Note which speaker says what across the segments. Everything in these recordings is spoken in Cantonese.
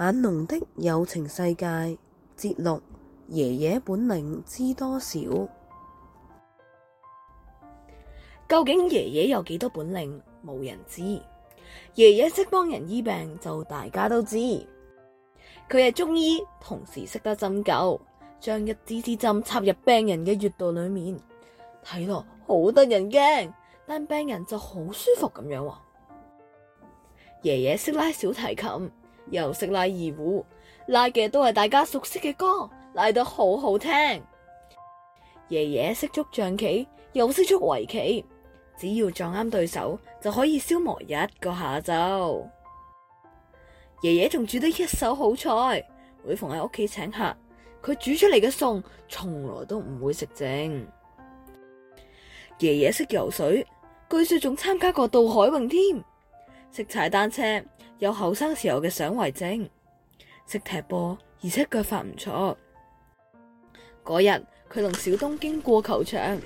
Speaker 1: 阿濃的有情世界節錄：爺爺本領知多少？究竟爺爺有幾多本領？冇人知。爺爺識幫人醫病，就大家都知。佢係中醫，同時識得針灸，將一支支針插入病人嘅穴道裏面，睇落好得人驚，但病人就好舒服咁樣。爺爺識拉小提琴。又識拉二胡，拉嘅都係大家熟悉嘅歌，拉得好好聽。爺爺識捉象棋，又識捉圍棋，只要撞啱對手就可以消磨一個下晝。爺爺仲煮得一手好菜，每逢喺屋企請客，佢煮出嚟嘅餸從來都唔會食剩。爺爺識游水，據說仲參加過渡海泳添，識踩單車。有後生時候嘅相為證，識踢波，而且腳法唔錯。嗰日佢同小東經過球場，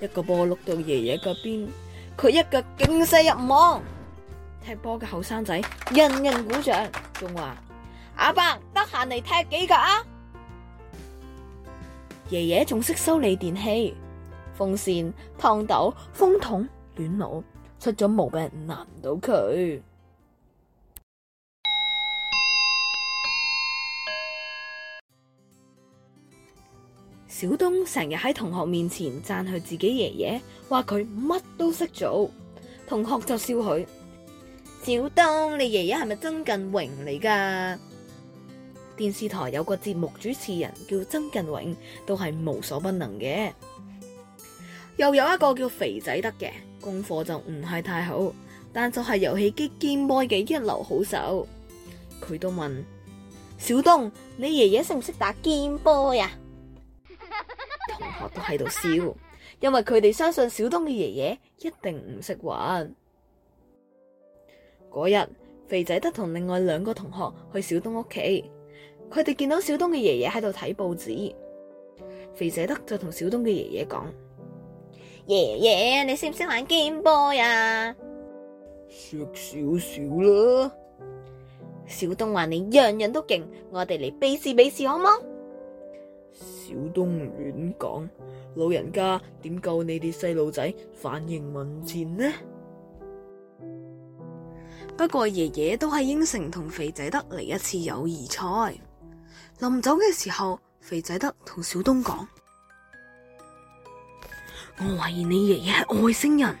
Speaker 1: 一個波碌到爺爺腳邊，佢一腳勁射入網，踢波嘅後生仔，人人鼓掌，仲話，阿伯，得閒嚟踢幾腳啊！爺爺仲識修理電器、風扇、熨斗、風筒、暖爐，出咗毛病，難唔到佢。小東成日喺同學面前讚佢自己爺爺，話佢乜都識做。同學就笑佢：小東，你爺爺係咪曾近榮嚟㗎？電視台有個節目主持人叫曾近榮，都係無所不能嘅。又有一個叫肥仔得嘅，功課就唔係太好，但就係遊戲機肩波嘅一流好手。佢都問小東：你爺爺識唔識打肩波呀？同學都喺度笑，因為佢哋相信小東嘅爺爺一定唔識玩。嗰日，肥仔德同另外兩個同學去小東屋企，佢哋見到小東嘅爺爺喺度睇報紙。肥仔德就同小東嘅爺爺講：爺爺，yeah, yeah, 啊，你識唔識玩 game boy 呀？識少少啦。小東話：你樣樣都勁，我哋嚟比試比試好唔小東亂講，老人家點夠你哋細路仔反應敏捷呢？不過爺爺都係應承同肥仔德嚟一次友誼賽。臨走嘅時候，肥仔德同小東講：我懷疑你爺爺係外星人。